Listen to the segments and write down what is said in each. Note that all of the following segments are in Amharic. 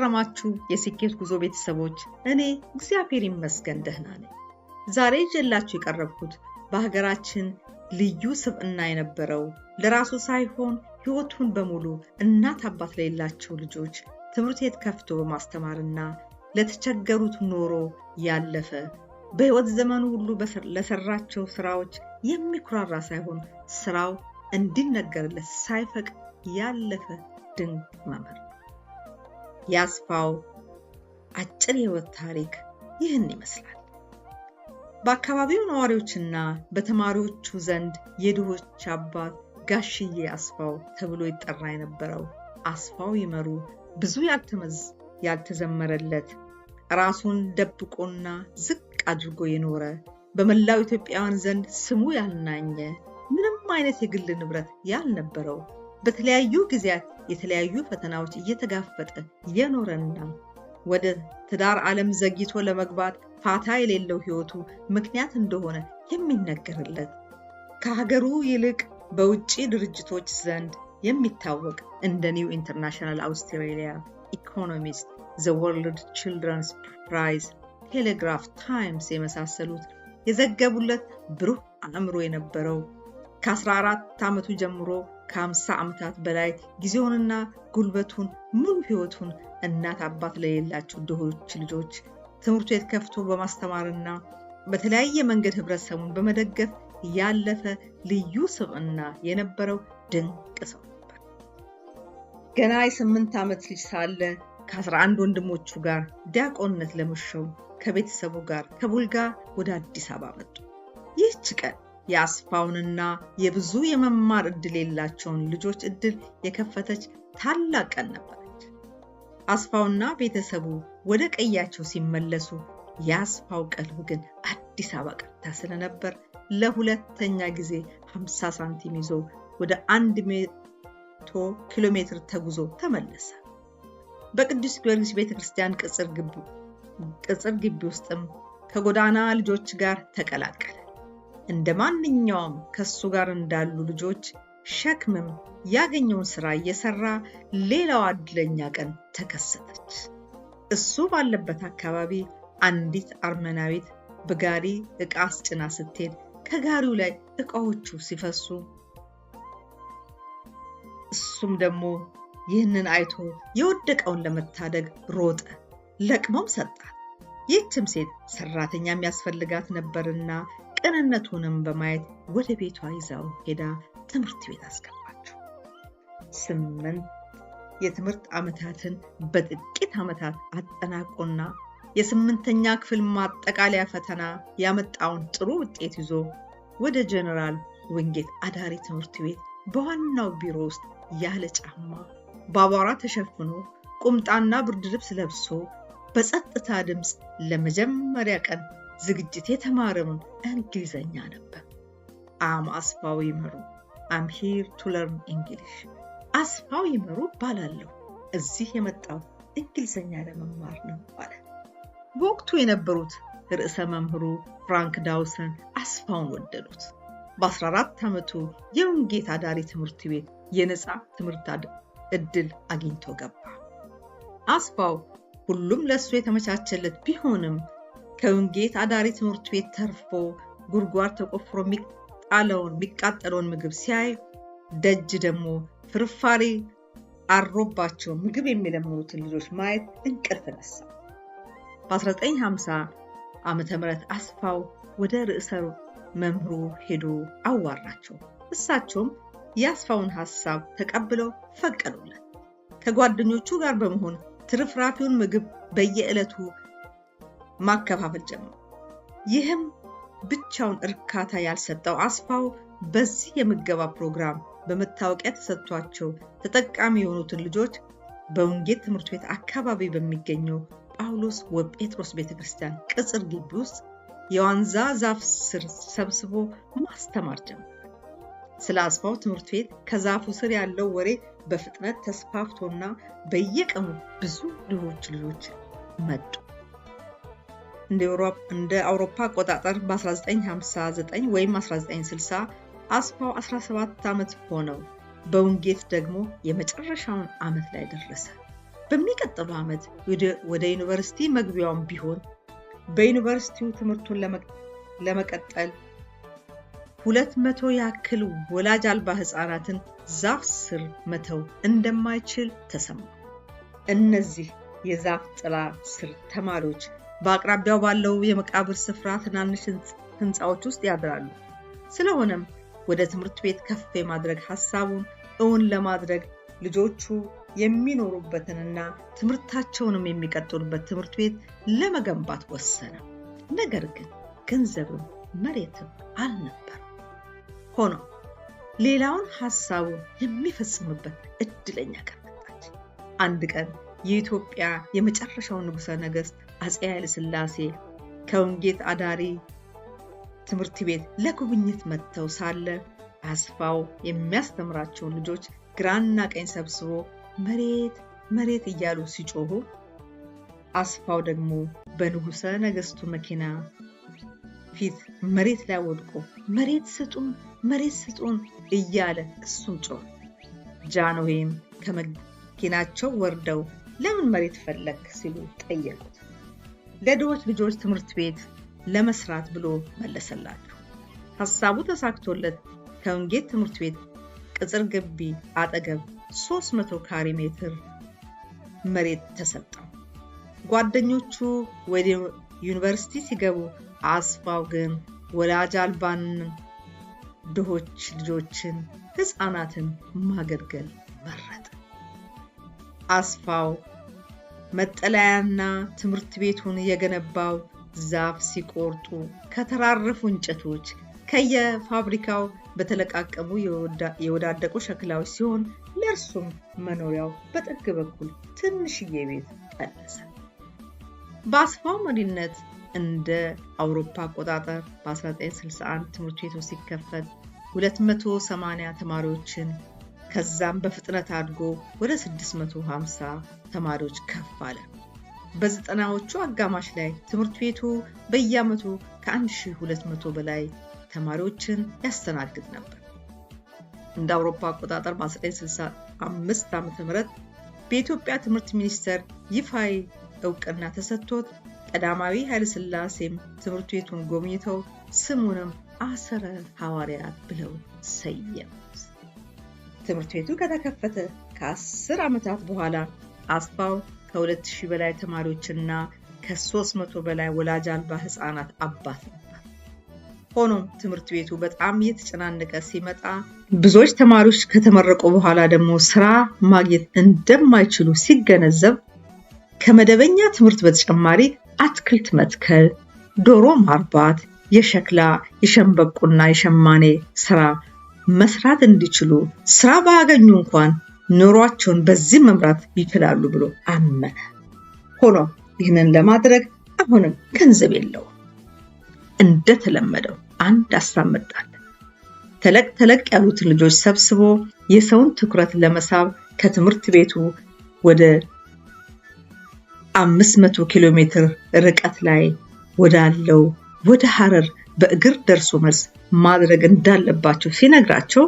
ከረማችሁ የስኬት ጉዞ ቤተሰቦች፣ እኔ እግዚአብሔር ይመስገን ደህና ነኝ። ዛሬ ይዤላችሁ የቀረብኩት በሀገራችን ልዩ ስብዕና የነበረው ለራሱ ሳይሆን ሕይወቱን በሙሉ እናት አባት ለሌላቸው ልጆች ትምህርት ቤት ከፍቶ በማስተማርና ለተቸገሩት ኖሮ ያለፈ በሕይወት ዘመኑ ሁሉ ለሰራቸው ስራዎች የሚኩራራ ሳይሆን ስራው እንዲነገርለት ሳይፈቅድ ያለፈ ድንቅ መምህር የአስፋው አጭር የህይወት ታሪክ ይህን ይመስላል። በአካባቢው ነዋሪዎችና በተማሪዎቹ ዘንድ የድሆች አባት ጋሽዬ አስፋው ተብሎ ይጠራ የነበረው አስፋው ይመሩ ብዙ ያልተዘመረለት ራሱን ደብቆና ዝቅ አድርጎ የኖረ በመላው ኢትዮጵያውያን ዘንድ ስሙ ያልናኘ ምንም አይነት የግል ንብረት ያልነበረው በተለያዩ ጊዜያት የተለያዩ ፈተናዎች እየተጋፈጠ የኖረና ወደ ትዳር ዓለም ዘግይቶ ለመግባት ፋታ የሌለው ሕይወቱ ምክንያት እንደሆነ የሚነገርለት ከሀገሩ ይልቅ በውጭ ድርጅቶች ዘንድ የሚታወቅ እንደ ኒው ኢንተርናሽናል አውስትራሊያ ኢኮኖሚስት፣ ዘ ወርልድ ችልድረንስ ፕራይዝ፣ ቴሌግራፍ፣ ታይምስ የመሳሰሉት የዘገቡለት ብሩህ አእምሮ የነበረው ከ14 ዓመቱ ጀምሮ ከአምሳ ዓመታት በላይ ጊዜውንና ጉልበቱን ሙሉ ህይወቱን እናት አባት ለሌላቸው ድሆች ልጆች ትምህርት ቤት ከፍቶ በማስተማርና በተለያየ መንገድ ህብረተሰቡን በመደገፍ ያለፈ ልዩ ስብዕና የነበረው ድንቅ ሰው ነበር። ገና የስምንት ዓመት ልጅ ሳለ 1 አንድ ወንድሞቹ ጋር ዲያቆንነት ለመሾም ከቤተሰቡ ጋር ከቡልጋ ወደ አዲስ አበባ መጡ። ይህች ቀን የአስፋውንና የብዙ የመማር እድል የሌላቸውን ልጆች እድል የከፈተች ታላቅ ቀን ነበረች። አስፋውና ቤተሰቡ ወደ ቀያቸው ሲመለሱ የአስፋው ቀልብ ግን አዲስ አበባ ቀጥታ ስለነበር ለሁለተኛ ጊዜ 50 ሳንቲም ይዞ ወደ 100 ኪሎ ሜትር ተጉዞ ተመለሰ። በቅዱስ ጊዮርጊስ ቤተ ክርስቲያን ቅጽር ግቢ ውስጥም ከጎዳና ልጆች ጋር ተቀላቀለ። እንደ ማንኛውም ከእሱ ጋር እንዳሉ ልጆች ሸክምም ያገኘውን ስራ እየሰራ ሌላዋ እድለኛ ቀን ተከሰተች። እሱ ባለበት አካባቢ አንዲት አርመናዊት በጋሪ ዕቃ አስጭና ስትሄድ ከጋሪው ላይ ዕቃዎቹ ሲፈሱ እሱም ደግሞ ይህንን አይቶ የወደቀውን ለመታደግ ሮጠ። ለቅሞም ሰጣት። ይህችም ሴት ሰራተኛ የሚያስፈልጋት ነበርና ቅንነቱንም በማየት ወደ ቤቷ ይዛው ሄዳ ትምህርት ቤት አስገባቸው። ስምንት የትምህርት ዓመታትን በጥቂት ዓመታት አጠናቆና የስምንተኛ ክፍል ማጠቃለያ ፈተና ያመጣውን ጥሩ ውጤት ይዞ ወደ ጀነራል ወንጌት አዳሪ ትምህርት ቤት በዋናው ቢሮ ውስጥ ያለ ጫማ በአቧራ ተሸፍኖ ቁምጣና ብርድ ልብስ ለብሶ በጸጥታ ድምፅ ለመጀመሪያ ቀን ዝግጅት የተማረም እንግሊዘኛ ነበር። አም አስፋው ይመሩ አም ሂር ቱ ለርን እንግሊሽ። አስፋው ይመሩ ባላለሁ እዚህ የመጣው እንግሊዘኛ ለመማር ነው አለ። በወቅቱ የነበሩት ርዕሰ መምህሩ ፍራንክ ዳውሰን አስፋውን ወደዱት። በ14 ዓመቱ የወንጌት አዳሪ ትምህርት ቤት የነፃ ትምህርት እድል አግኝቶ ገባ። አስፋው ሁሉም ለእሱ የተመቻቸለት ቢሆንም ከውንጌት አዳሪ ትምህርት ቤት ተርፎ ጉድጓድ ተቆፍሮ የሚጣለውን የሚቃጠለውን ምግብ ሲያይ ደጅ ደግሞ ፍርፋሪ አሮባቸው ምግብ የሚለምኑትን ልጆች ማየት እንቅልፍ ነሳ። በ1950 ዓ ም አስፋው ወደ ርዕሰ መምህሩ ሄዶ አዋራቸው። እሳቸውም የአስፋውን ሀሳብ ተቀብለው ፈቀዱለት። ከጓደኞቹ ጋር በመሆን ትርፍራፊውን ምግብ በየዕለቱ ማከፋፈል ጀመሩ። ይህም ብቻውን እርካታ ያልሰጠው አስፋው በዚህ የምገባ ፕሮግራም በመታወቂያ ተሰጥቷቸው ተጠቃሚ የሆኑትን ልጆች በወንጌል ትምህርት ቤት አካባቢ በሚገኘው ጳውሎስ ወጴጥሮስ ቤተ ክርስቲያን ቅጽር ግቢ ውስጥ የዋንዛ ዛፍ ስር ሰብስቦ ማስተማር ጀመረ። ስለ አስፋው ትምህርት ቤት ከዛፉ ስር ያለው ወሬ በፍጥነት ተስፋፍቶና በየቀኑ ብዙ ድሆች ልጆች መጡ። እንደ አውሮፓ አቆጣጠር በ1959 ወይም 1960 አስፋው 17 ዓመት ሆነው በውንጌት ደግሞ የመጨረሻውን ዓመት ላይ ደረሰ። በሚቀጥለው ዓመት ወደ ዩኒቨርሲቲ መግቢያውን ቢሆን በዩኒቨርሲቲው ትምህርቱን ለመቀጠል 200 ያክል ወላጅ አልባ ህፃናትን ዛፍ ስር መተው እንደማይችል ተሰማ። እነዚህ የዛፍ ጥላ ስር ተማሪዎች በአቅራቢያው ባለው የመቃብር ስፍራ ትናንሽ ህንፃዎች ውስጥ ያድራሉ። ስለሆነም ወደ ትምህርት ቤት ከፍ የማድረግ ሀሳቡን እውን ለማድረግ ልጆቹ የሚኖሩበትንና ትምህርታቸውንም የሚቀጥሉበት ትምህርት ቤት ለመገንባት ወሰነ። ነገር ግን ገንዘብም መሬትም አልነበረም። ሆኖ ሌላውን ሀሳቡን የሚፈጽምበት እድለኛ ቀን መጣች። አንድ ቀን የኢትዮጵያ የመጨረሻው ንጉሠ ነገሥት አጼ ኃይለ ሥላሴ ከወንጌት አዳሪ ትምህርት ቤት ለጉብኝት መጥተው ሳለ አስፋው የሚያስተምራቸውን ልጆች ግራና ቀኝ ሰብስቦ መሬት መሬት እያሉ ሲጮሁ አስፋው ደግሞ በንጉሠ ነገሥቱ መኪና ፊት መሬት ላይ ወድቆ መሬት ስጡን መሬት ስጡን እያለ እሱም ጮህ። ጃንሆይም ከመኪናቸው ወርደው ለምን መሬት ፈለግ ሲሉ ጠየቁት። ለድሆች ልጆች ትምህርት ቤት ለመስራት ብሎ መለሰላቸው። ሀሳቡ ተሳክቶለት ከወንጌል ትምህርት ቤት ቅጽር ግቢ አጠገብ 300 ካሬ ሜትር መሬት ተሰጠው። ጓደኞቹ ወደ ዩኒቨርሲቲ ሲገቡ አስፋው ግን ወላጅ አልባን ድሆች ልጆችን፣ ህፃናትን ማገልገል መረጠ። አስፋው መጠለያና ትምህርት ቤቱን የገነባው ዛፍ ሲቆርጡ ከተራረፉ እንጨቶች ከየፋብሪካው በተለቃቀሙ የወዳደቁ ሸክላዎች ሲሆን ለእርሱም መኖሪያው በጥግ በኩል ትንሽዬ ቤት ቀለሰ። በአስፋው መሪነት እንደ አውሮፓ አቆጣጠር በ1961 ትምህርት ቤቱ ሲከፈት 280 ተማሪዎችን ከዛም በፍጥነት አድጎ ወደ 650 ተማሪዎች ከፍ አለ። በዘጠናዎቹ አጋማሽ ላይ ትምህርት ቤቱ በየዓመቱ ከ1200 በላይ ተማሪዎችን ያስተናግድ ነበር። እንደ አውሮፓ አቆጣጠር በ1965 ዓ ም በኢትዮጵያ ትምህርት ሚኒስቴር ይፋይ እውቅና ተሰጥቶት ቀዳማዊ ኃይለሥላሴም ትምህርት ቤቱን ጎብኝተው ስሙንም አሰረ ሐዋርያት ብለው ሰየም ትምህርት ቤቱ ከተከፈተ ከ10 ዓመታት በኋላ አስፋው ከ2000 በላይ ተማሪዎችና ከ300 በላይ ወላጅ አልባ ህፃናት አባት ነበር። ሆኖም ትምህርት ቤቱ በጣም እየተጨናነቀ ሲመጣ ብዙዎች ተማሪዎች ከተመረቁ በኋላ ደግሞ ስራ ማግኘት እንደማይችሉ ሲገነዘብ ከመደበኛ ትምህርት በተጨማሪ አትክልት መትከል፣ ዶሮ ማርባት፣ የሸክላ የሸንበቁና የሸማኔ ስራ መስራት እንዲችሉ ስራ ባያገኙ እንኳን ኑሯቸውን በዚህ መምራት ይችላሉ ብሎ አመነ። ሆኖም ይህንን ለማድረግ አሁንም ገንዘብ የለውም። እንደተለመደው አንድ አሳብ መጣለት። ተለቅ ተለቅ ያሉትን ልጆች ሰብስቦ የሰውን ትኩረት ለመሳብ ከትምህርት ቤቱ ወደ 500 ኪሎ ሜትር ርቀት ላይ ወዳለው ወደ ሐረር በእግር ደርሶ መልስ ማድረግ እንዳለባቸው ሲነግራቸው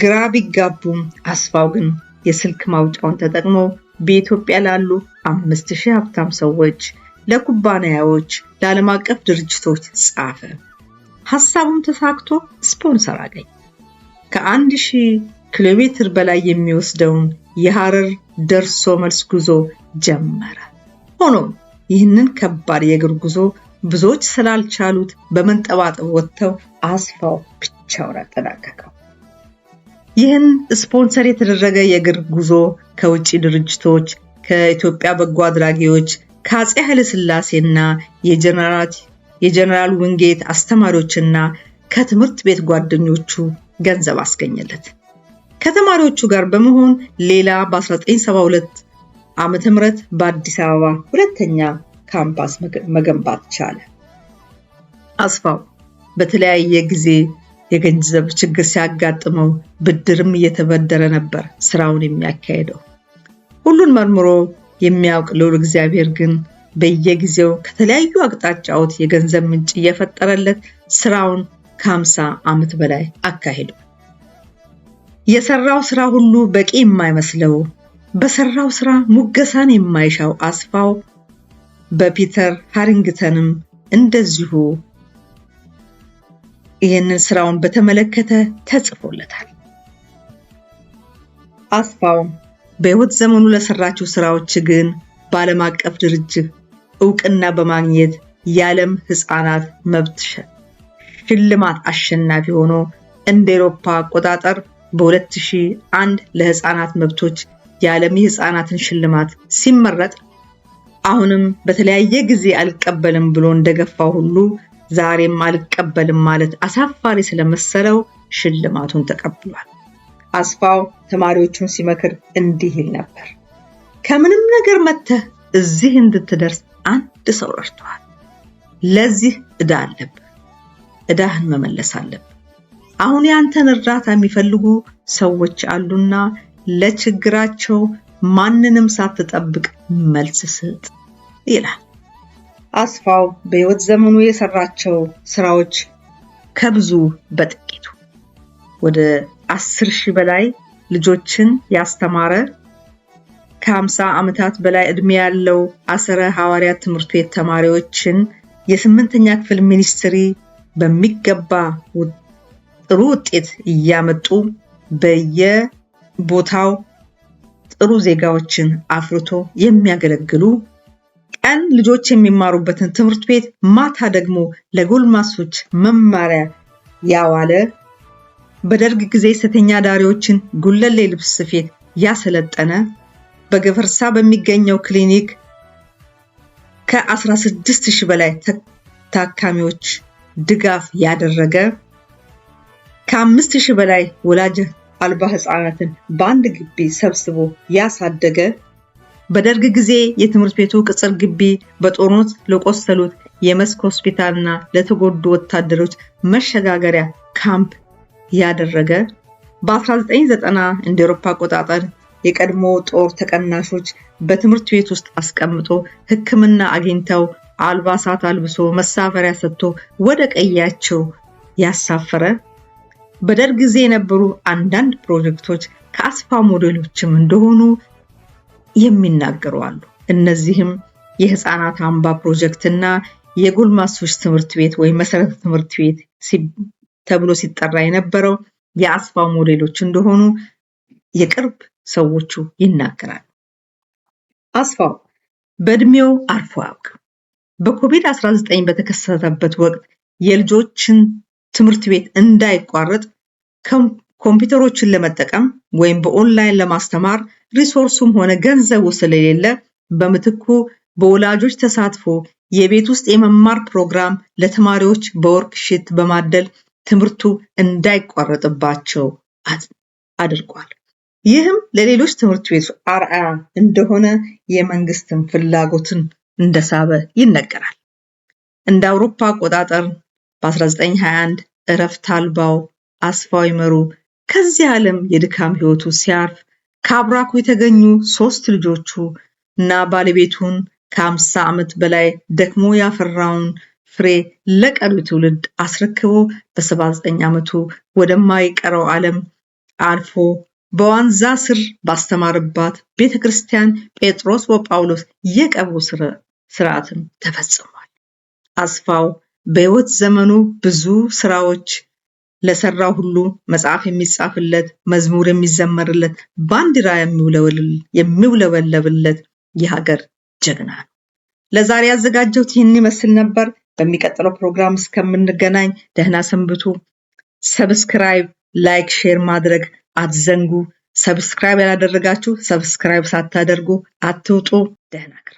ግራ ቢጋቡም አስፋው ግን የስልክ ማውጫውን ተጠቅመው በኢትዮጵያ ላሉ አምስት ሺህ ሀብታም ሰዎች፣ ለኩባንያዎች፣ ለዓለም አቀፍ ድርጅቶች ጻፈ። ሀሳቡም ተሳክቶ ስፖንሰር አገኝ። ከአንድ ሺህ ኪሎ ሜትር በላይ የሚወስደውን የሐረር ደርሶ መልስ ጉዞ ጀመረ። ሆኖም ይህንን ከባድ የእግር ጉዞ ብዙዎች ስላልቻሉት በመንጠባጠብ ወጥተው አስፋው ብቻውን አጠናቀቀው። ይህን ስፖንሰር የተደረገ የእግር ጉዞ ከውጭ ድርጅቶች፣ ከኢትዮጵያ በጎ አድራጊዎች፣ ከአፄ ኃይለሥላሴና የጀነራል ውንጌት አስተማሪዎችና ከትምህርት ቤት ጓደኞቹ ገንዘብ አስገኘለት። ከተማሪዎቹ ጋር በመሆን ሌላ በ1972 ም በአዲስ አበባ ሁለተኛ ካምፓስ መገንባት ቻለ። አስፋው በተለያየ ጊዜ የገንዘብ ችግር ሲያጋጥመው ብድርም እየተበደረ ነበር ስራውን የሚያካሄደው። ሁሉን መርምሮ የሚያውቅ ልዑል እግዚአብሔር ግን በየጊዜው ከተለያዩ አቅጣጫዎች የገንዘብ ምንጭ እየፈጠረለት ስራውን ከአምሳ ዓመት በላይ አካሂዷል። የሰራው ስራ ሁሉ በቂ የማይመስለው በሰራው ስራ ሙገሳን የማይሻው አስፋው በፒተር ሃሪንግተንም እንደዚሁ ይህንን ስራውን በተመለከተ ተጽፎለታል። አስፋው በሕይወት ዘመኑ ለሰራቸው ስራዎች ግን በዓለም አቀፍ ድርጅት እውቅና በማግኘት የዓለም ሕፃናት መብት ሽልማት አሸናፊ ሆኖ እንደ ኤሮፓ አቆጣጠር በ2001 ለሕፃናት መብቶች የዓለም የሕፃናትን ሽልማት ሲመረጥ አሁንም በተለያየ ጊዜ አልቀበልም ብሎ እንደገፋው ሁሉ ዛሬም አልቀበልም ማለት አሳፋሪ ስለመሰለው ሽልማቱን ተቀብሏል። አስፋው ተማሪዎቹን ሲመክር እንዲህ ይል ነበር። ከምንም ነገር መጥተህ እዚህ እንድትደርስ አንድ ሰው ረድቶሃል። ለዚህ ዕዳ አለብህ። ዕዳህን መመለስ አለብህ። አሁን ያንተን እርዳታ የሚፈልጉ ሰዎች አሉና ለችግራቸው ማንንም ሳትጠብቅ መልስ ስጥ ይላል። አስፋው በሕይወት ዘመኑ የሰራቸው ስራዎች ከብዙ በጥቂቱ ወደ አስር ሺህ በላይ ልጆችን ያስተማረ ከአምሳ ዓመታት በላይ ዕድሜ ያለው አስረ ሐዋርያት ትምህርት ቤት ተማሪዎችን የስምንተኛ ክፍል ሚኒስትሪ በሚገባ ጥሩ ውጤት እያመጡ በየቦታው ጥሩ ዜጋዎችን አፍርቶ የሚያገለግሉ ቀን ልጆች የሚማሩበትን ትምህርት ቤት ማታ ደግሞ ለጎልማሶች መማሪያ ያዋለ በደርግ ጊዜ ሴተኛ ዳሪዎችን ጉለሌ ልብስ ስፌት ያሰለጠነ በገፈርሳ በሚገኘው ክሊኒክ ከ16 ሺህ በላይ ታካሚዎች ድጋፍ ያደረገ ከ5 ሺህ በላይ ወላጅ አልባ ህፃናትን በአንድ ግቢ ሰብስቦ ያሳደገ በደርግ ጊዜ የትምህርት ቤቱ ቅጽር ግቢ በጦርነት ለቆሰሉት የመስክ ሆስፒታልና ለተጎዱ ወታደሮች መሸጋገሪያ ካምፕ ያደረገ በ1990 እንደ ኤሮፓ አቆጣጠር የቀድሞ ጦር ተቀናሾች በትምህርት ቤት ውስጥ አስቀምጦ ሕክምና አግኝተው አልባሳት አልብሶ መሳፈሪያ ሰጥቶ ወደ ቀያቸው ያሳፈረ በደርግ ጊዜ የነበሩ አንዳንድ ፕሮጀክቶች ከአስፋ ሞዴሎችም እንደሆኑ የሚናገሩ አሉ። እነዚህም የህፃናት አምባ ፕሮጀክትና የጎልማሶች ትምህርት ቤት ወይም መሰረተ ትምህርት ቤት ተብሎ ሲጠራ የነበረው የአስፋ ሞዴሎች እንደሆኑ የቅርብ ሰዎቹ ይናገራሉ። አስፋው በእድሜው አርፎ አያውቅም። በኮቪድ-19 በተከሰተበት ወቅት የልጆችን ትምህርት ቤት እንዳይቋረጥ ኮምፒውተሮችን ለመጠቀም ወይም በኦንላይን ለማስተማር ሪሶርሱም ሆነ ገንዘቡ ስለሌለ በምትኩ በወላጆች ተሳትፎ የቤት ውስጥ የመማር ፕሮግራም ለተማሪዎች በወርክሽት በማደል ትምህርቱ እንዳይቋረጥባቸው አድርጓል። ይህም ለሌሎች ትምህርት ቤቶች አርአያ እንደሆነ የመንግስትን ፍላጎትን እንደሳበ ይነገራል። እንደ አውሮፓ አቆጣጠር በ1921 እረፍት አልባው አስፋው ይመሩ ከዚህ ዓለም የድካም ሕይወቱ ሲያርፍ ከአብራኩ የተገኙ ሶስት ልጆቹ እና ባለቤቱን ከአምሳ ዓመት በላይ ደክሞ ያፈራውን ፍሬ ለቀሪ ትውልድ አስረክቦ በ79 ዓመቱ ወደማይቀረው ዓለም አልፎ በዋንዛ ስር ባስተማርባት ቤተ ክርስቲያን ጴጥሮስ ወጳውሎስ የቀብሩ ስርዓትን ተፈጽሟል። አስፋው በሕይወት ዘመኑ ብዙ ስራዎች ለሰራው ሁሉ መጽሐፍ የሚጻፍለት፣ መዝሙር የሚዘመርለት፣ ባንዲራ የሚውለበለብለት የሀገር ጀግና ነው። ለዛሬ ያዘጋጀሁት ይህን ይመስል ነበር። በሚቀጥለው ፕሮግራም እስከምንገናኝ ደህና ሰንብቱ። ሰብስክራይብ፣ ላይክ፣ ሼር ማድረግ አትዘንጉ። ሰብስክራይብ ያላደረጋችሁ ሰብስክራይብ ሳታደርጉ አትውጡ። ደህና